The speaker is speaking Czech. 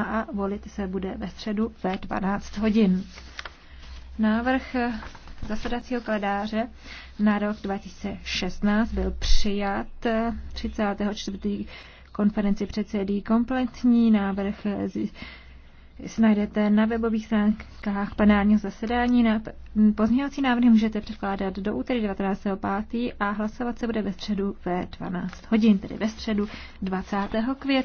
a volit se bude ve středu ve 12 hodin. Návrh zasedacího kalendáře na rok 2016 byl přijat 34. konferenci předsedí kompletní návrh najdete na webových stránkách plenárního zasedání. Na pozměňovací návrhy můžete předkládat do úterý 19.5. a hlasovat se bude ve středu ve 12 hodin, tedy ve středu 20. května.